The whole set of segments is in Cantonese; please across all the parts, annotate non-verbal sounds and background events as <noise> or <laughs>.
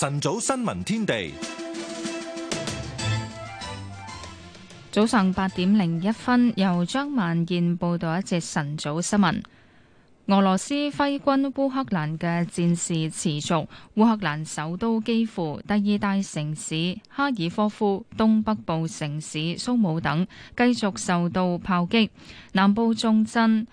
晨早新聞天地，早上八點零一分，由張萬燕報道一節晨早新聞。俄羅斯揮軍烏克蘭嘅戰事持續，烏克蘭首都基輔、第二大城市哈爾科夫、東北部城市蘇姆等繼續受到炮擊，南部重鎮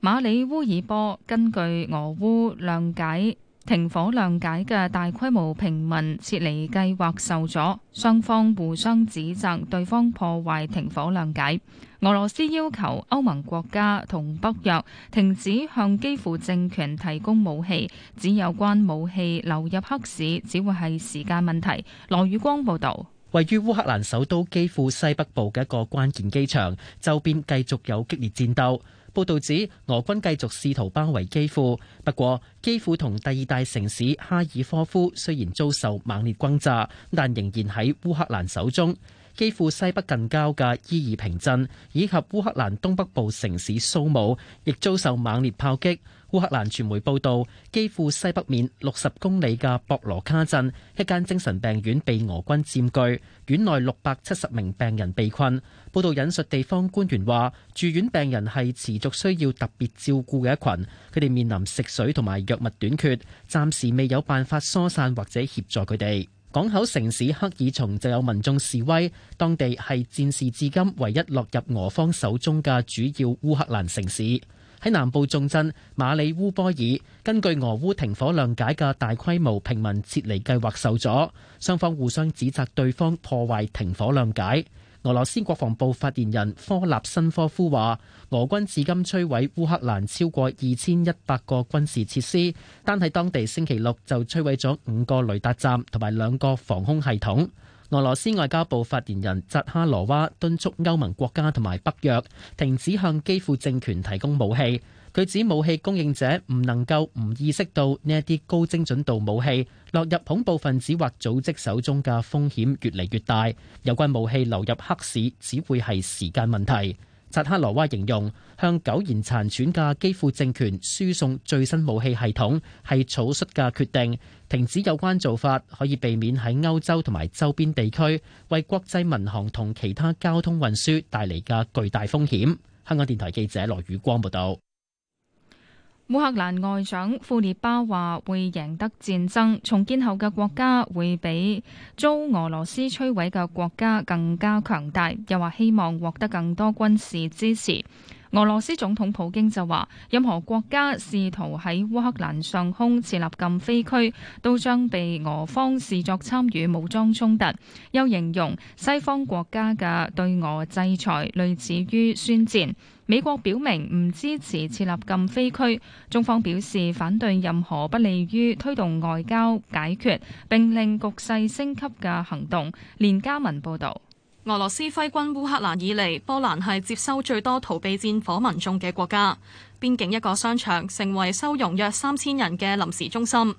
馬里烏爾波，根據俄烏諒解。停火諒解嘅大規模平民撤離計劃受阻，雙方互相指責對方破壞停火諒解。俄羅斯要求歐盟國家同北約停止向基輔政權提供武器，指有關武器流入黑市只會係時間問題。羅宇光報道，位於烏克蘭首都基輔西北部嘅一個關鍵機場，周邊繼續有激烈戰鬥。報道指俄軍繼續試圖包圍基輔，不過基輔同第二大城市哈爾科夫雖然遭受猛烈轟炸，但仍然喺烏克蘭手中。基輔西北近郊嘅伊爾平鎮以及烏克蘭東北部城市蘇姆亦遭受猛烈炮擊。烏克蘭傳媒報道，基輔西北面六十公里嘅博羅卡鎮一間精神病院被俄軍佔據，院內六百七十名病人被困。報道引述地方官員話，住院病人係持續需要特別照顧嘅一群，佢哋面臨食水同埋藥物短缺，暫時未有辦法疏散或者協助佢哋。港口城市克爾松就有民眾示威，當地係戰事至今唯一落入俄方手中嘅主要烏克蘭城市。喺南部重鎮馬里烏波爾，根據俄烏停火諒解嘅大規模平民撤離計劃受阻，雙方互相指責對方破壞停火諒解。俄羅斯國防部發言人科納申科夫話，俄軍至今摧毀烏克蘭超過二千一百個軍事設施，單喺當地星期六就摧毀咗五個雷達站同埋兩個防空系統。俄羅斯外交部發言人扎哈羅娃敦促歐盟國家同埋北約停止向基輔政權提供武器。佢指武器供應者唔能夠唔意識到呢一啲高精準度武器落入恐怖分子或組織手中嘅風險越嚟越大。有關武器流入黑市，只會係時間問題。扎克羅娃形容向苟延殘喘嘅基庫政權輸送最新武器系統係草率嘅決定，停止有關做法可以避免喺歐洲同埋周邊地區為國際民航同其他交通運輸帶嚟嘅巨大風險。香港電台記者羅宇光報道。烏克蘭外長庫列巴話：會贏得戰爭，重建後嘅國家會比遭俄羅斯摧毀嘅國家更加強大，又話希望獲得更多軍事支持。俄羅斯總統普京就話：任何國家試圖喺烏克蘭上空設立禁飛區，都將被俄方視作參與武裝衝突。又形容西方國家嘅對俄制裁類似於宣戰。美國表明唔支持設立禁飛區，中方表示反對任何不利於推動外交解決並令局勢升級嘅行動。連嘉文報導。俄羅斯揮軍烏克蘭以嚟，波蘭係接收最多逃避戰火民眾嘅國家。邊境一個商場成為收容約三千人嘅臨時中心。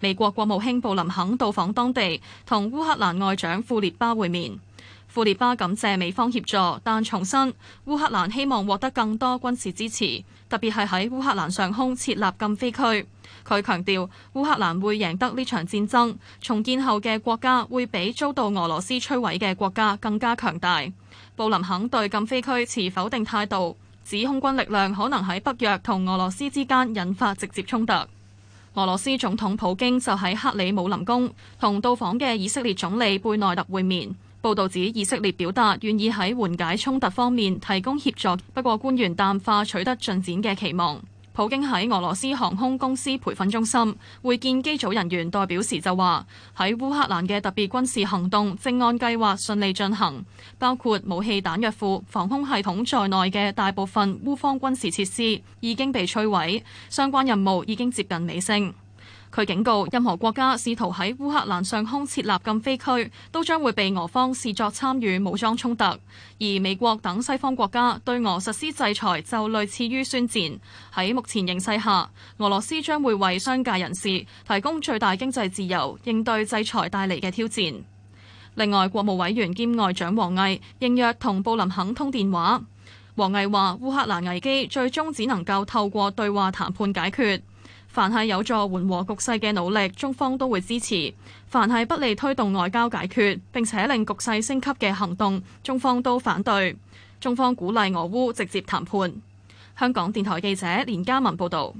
美國國務卿布林肯到訪當地，同烏克蘭外長庫列巴會面。庫列巴感謝美方協助，但重申烏克蘭希望獲得更多軍事支持，特別係喺烏克蘭上空設立禁飛區。佢強調，烏克蘭會贏得呢場戰爭，重建後嘅國家會比遭到俄羅斯摧毀嘅國家更加強大。布林肯對禁飛區持否定態度，指空軍力量可能喺北約同俄羅斯之間引發直接衝突。俄羅斯總統普京就喺克里姆林宮同到訪嘅以色列總理貝內特會面。報導指，以色列表達願意喺緩解衝突方面提供協助，不過官員淡化取得進展嘅期望。普京喺俄羅斯航空公司培訓中心會見機組人員代表時就話：喺烏克蘭嘅特別軍事行動正按計劃順利進行，包括武器彈藥庫、防空系統在內嘅大部分烏方軍事設施已經被摧毀，相關任務已經接近尾聲。佢警告，任何國家試圖喺烏克蘭上空設立禁飛區都將會被俄方視作參與武裝衝突；而美國等西方國家對俄實施制裁，就類似於宣戰。喺目前形勢下，俄羅斯將會為商界人士提供最大經濟自由，應對制裁帶嚟嘅挑戰。另外，國務委員兼外長王毅應約同布林肯通電話，王毅話烏克蘭危機最終只能夠透過對話談判解決。凡係有助緩和局勢嘅努力，中方都會支持；凡係不利推動外交解決，並且令局勢升級嘅行動，中方都反對。中方鼓勵俄烏直接談判。香港電台記者連嘉文報導。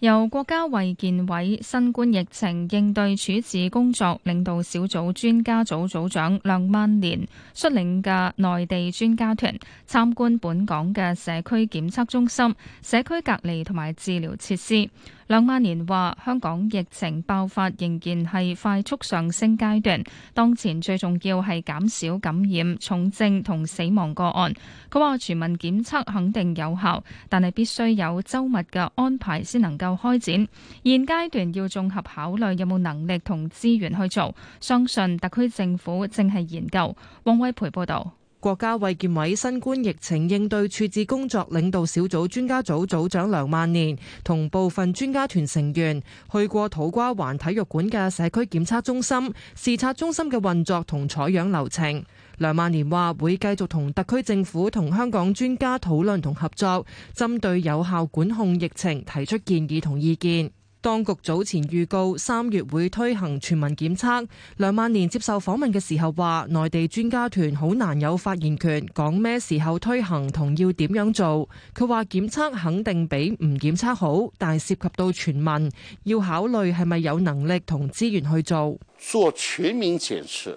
由國家衛健委新冠疫情應對處置工作領導小組專家組組長梁萬年率領嘅內地專家團參觀本港嘅社區檢測中心、社區隔離同埋治療設施。梁萬年話香港疫情爆發仍然係快速上升階段，當前最重要係減少感染、重症同死亡個案。佢話全民檢測肯定有效，但係必須有周密嘅安排先能夠。有開展現階段要綜合考慮有冇能力同資源去做，相信特區政府正係研究。王偉培報道。國家衛健委新冠疫情應對處置工作領導小組專家組組長梁萬年同部分專家團成員去過土瓜灣體育館嘅社區檢測中心，視察中心嘅運作同採樣流程。梁萬年話會繼續同特區政府同香港專家討論同合作，針對有效管控疫情提出建議同意見。當局早前預告三月會推行全民檢測。梁萬年接受訪問嘅時候話，內地專家團好難有發言權，講咩時候推行同要點樣做。佢話檢測肯定比唔檢測好，但涉及到全民，要考慮係咪有能力同資源去做做全民檢測。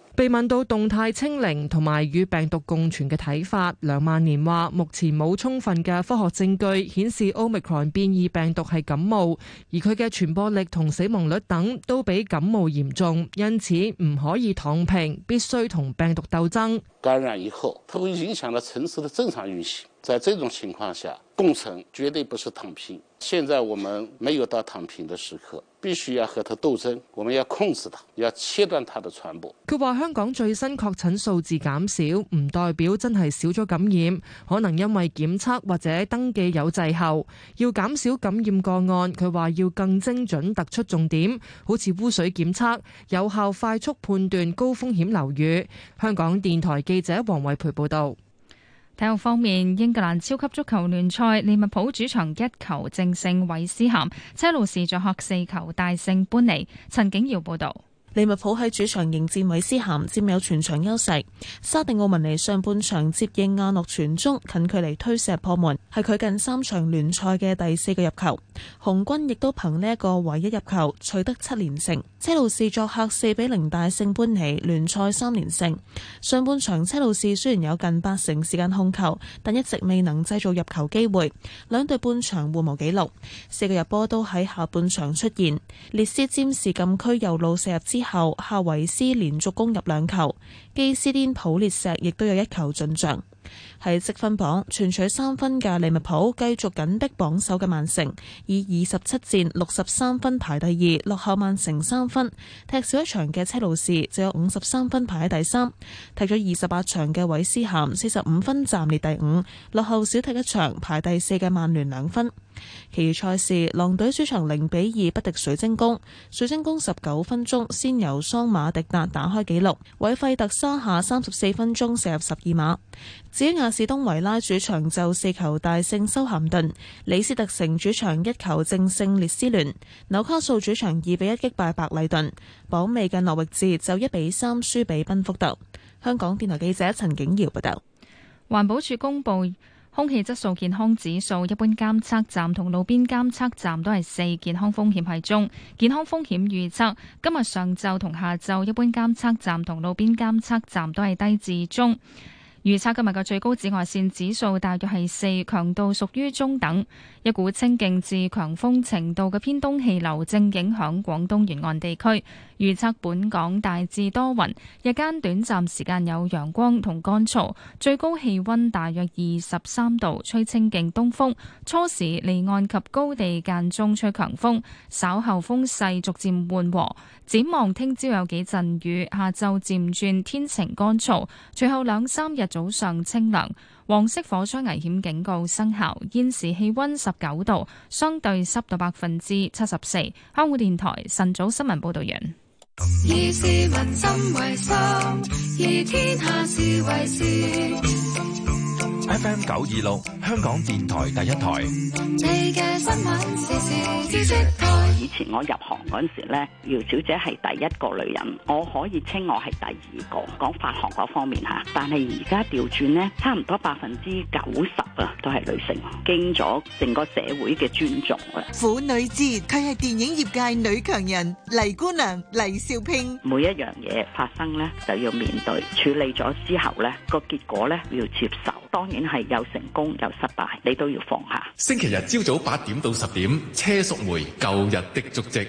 被問到動態清零同埋與病毒共存嘅睇法，梁萬年話：目前冇充分嘅科學證據顯示 Omicron 變異病毒係感冒，而佢嘅傳播力同死亡率等都比感冒嚴重，因此唔可以躺平，必須同病毒鬥爭。感染以後，它會影響到城市的正常運行。在這種情況下，共存絕對不是躺平。現在我們沒有到躺平的時刻，必須要和他鬥爭，我們要控制他，要切斷他的傳播。佢話香港最新確診數字減少，唔代表真係少咗感染，可能因為檢測或者登記有滯後，要減少感染個案。佢話要更精準突出重點，好似污水檢測，有效快速判斷高風險樓宇。香港電台記者黃慧培報道。體育方面，英格蘭超級足球聯賽，利物浦主場一球淨勝韋斯咸，車路士作客四球大勝般尼。陳景瑤報道。利物浦喺主場迎戰韋斯咸，佔有全場優勢。沙迪奧文尼上半場接應阿諾傳中，近距離推射破門，係佢近三場聯賽嘅第四個入球。紅軍亦都憑呢一個唯一入球取得七連勝。車路士作客四比零大勝般尼，聯賽三連勝。上半場車路士雖然有近八成時間控球，但一直未能製造入球機會。兩隊半場互無紀錄，四個入波都喺下半場出現。列斯占士禁區右路射入之。之後，夏維斯連續攻入兩球，基斯甸普列石亦都有一球進賬。喺積分榜，全取三分嘅利物浦繼續緊逼榜首嘅曼城，以二十七戰六十三分排第二，落後曼城三分。踢少一場嘅車路士就有五十三分排喺第三。踢咗二十八場嘅韋斯咸四十五分暫列第五，落後少踢一場排第四嘅曼聯兩分。其餘賽事，狼隊主場零比二不敵水晶宮，水晶宮十九分鐘先由桑馬迪達打開紀錄，韋費特沙下三十四分鐘射入十二碼。至於亞士東維拉主場就四球大勝修咸頓，李斯特城主場一球正勝列斯聯，紐卡素主場二比一擊敗白禮頓，榜尾嘅諾域治就一比三輸俾賓福特。香港電台記者陳景堯報道。環保署公布。空氣質素健康指數，一般監測站同路邊監測站都係四，健康風險係中。健康風險預測，今日上晝同下晝，一般監測站同路邊監測站都係低至中。預測今日嘅最高紫外線指數大約係四，強度屬於中等。一股清勁至強風程度嘅偏東氣流正影響廣東沿岸地區。預測本港大致多雲，日間短暫時間有陽光同乾燥，最高氣溫大約二十三度，吹清勁東風。初時離岸及高地間中吹強風，稍後風勢逐漸緩和。展望聽朝有幾陣雨，下晝漸轉天晴乾燥，隨後兩三日。早上清涼，黃色火災危險警告生效。現時氣溫十九度，相對濕度百分之七十四。香港電台晨早新聞報導完。以市民心為 F M 九二六香港電台第一台。以前我入行嗰陣時咧，姚小姐係第一個女人，我可以稱我係第二個講發行嗰方面吓。但係而家調轉咧，差唔多百分之九十啊都係女性，經咗整個社會嘅尊重啊。婦女節，佢係電影業界女強人黎姑娘黎少娉。每一樣嘢發生咧，就要面對處理咗之後咧，個結果咧要接受。當然。係有成功有失敗，你都要放下。星期日朝早八點到十點，車淑梅舊日的足跡。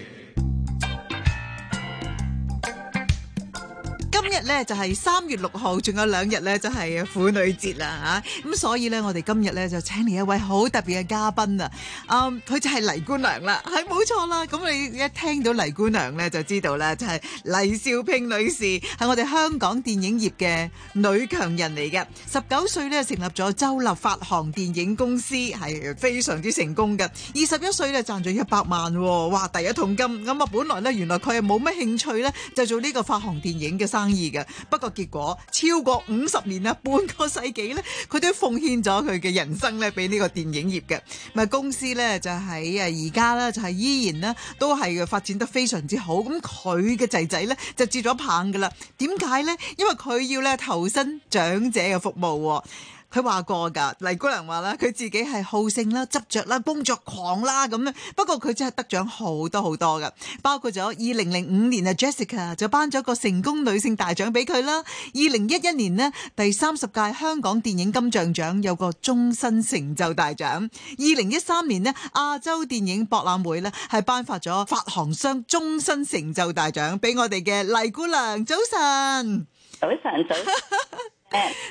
咧就係三月六號，仲有兩日咧就係、是、婦女節啦吓，咁、啊、所以咧我哋今日咧就請嚟一位好特別嘅嘉賓啊，啊佢就係黎姑娘啦，係冇錯啦，咁你一聽到黎姑娘咧就知道啦，就係、是、黎少平女士係我哋香港電影業嘅女強人嚟嘅，十九歲咧成立咗周立發行電影公司，係非常之成功噶，二十一歲咧賺咗一百萬，哇第一桶金，咁啊本來咧原來佢係冇乜興趣咧就做呢個發行電影嘅生意。不過結果超過五十年啦，半個世紀咧，佢都奉獻咗佢嘅人生咧，俾呢個電影業嘅，咪公司咧就喺啊而家啦，就係、就是、依然咧都係發展得非常之好。咁佢嘅仔仔咧就接咗棒噶啦，點解呢？因為佢要咧投身長者嘅服務、哦。佢話過噶，黎姑娘話啦，佢自己係好勝啦、執著啦、工作狂啦咁樣。不過佢真係得獎好多好多嘅，包括咗二零零五年啊，Jessica 就頒咗個成功女性大獎俾佢啦。二零一一年呢，第三十屆香港電影金像獎有個終身成就大獎。二零一三年呢，亞洲電影博覽會呢，係頒發咗發行商終身成就大獎俾我哋嘅黎姑娘。早晨，早晨，早晨。 <laughs>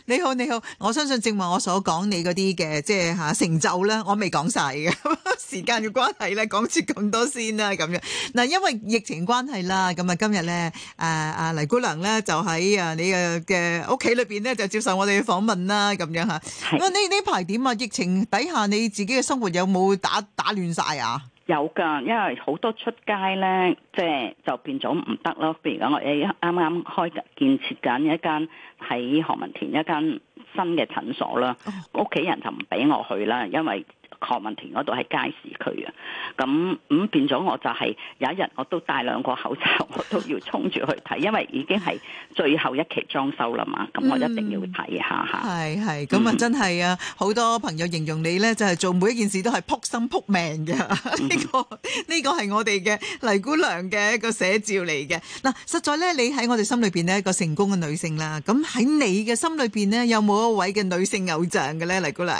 你好，你好！我相信正話我所講你嗰啲嘅，即係吓、啊、成就咧，我未講晒嘅， <laughs> 時間嘅關係咧，講住咁多先啦、啊，咁樣嗱，因為疫情關係啦，咁啊今日咧，誒、啊、誒黎姑娘咧就喺啊你嘅嘅屋企裏邊咧，就接受我哋嘅訪問啦，咁樣吓。係是。呢呢排點啊？疫情底下你自己嘅生活有冇打打亂晒啊？有㗎，因為好多出街咧，即係就變咗唔得咯。譬如講，我誒啱啱開建設緊一間喺何文田一間新嘅診所啦，屋企人就唔俾我去啦，因為。何文田嗰度係街市區啊，咁咁、嗯、變咗我就係、是、有一日我都戴兩個口罩，我都要衝住去睇，因為已經係最後一期裝修啦嘛，咁我一定要睇下吓。係係、嗯，咁啊、嗯、真係啊，好多朋友形容你咧，就係、是、做每一件事都係撲心撲命嘅，呢、 <laughs> 呢個呢、呢個係我哋嘅黎姑娘嘅一個寫照嚟嘅。嗱、啊，實在咧，你喺我哋心裏邊咧，一個成功嘅女性啦。咁喺你嘅心裏邊咧，有冇一位嘅女性偶像嘅咧，黎姑娘？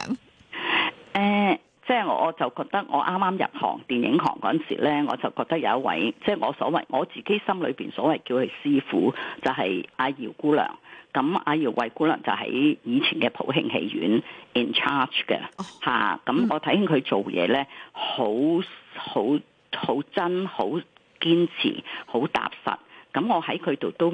即係我就覺得我啱啱入行電影行陣時咧，我就覺得有一位即係、就是、我所謂我自己心裏邊所謂叫佢師傅，就係、是、阿姚姑娘。咁阿姚慧姑娘就喺以前嘅普慶戲院 in charge 嘅吓。咁我睇佢做嘢咧，好好好真，好堅持，好踏實。咁我喺佢度都。